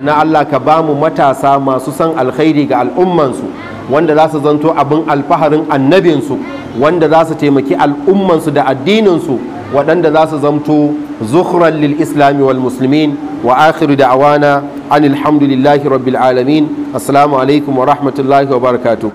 na Allah ka ba mu matasa masu san alkhairi ga al'ummansu wanda za su zanto abin alfaharin annabinsu wanda za su taimaki al'ummansu da addininsu waɗanda za su zamto zukhran lil islami wal muslimin wa akhiru da'awana anil hamdulillahi rabbil alamin assalamu alaikum wa rahmatullahi wa barakatuh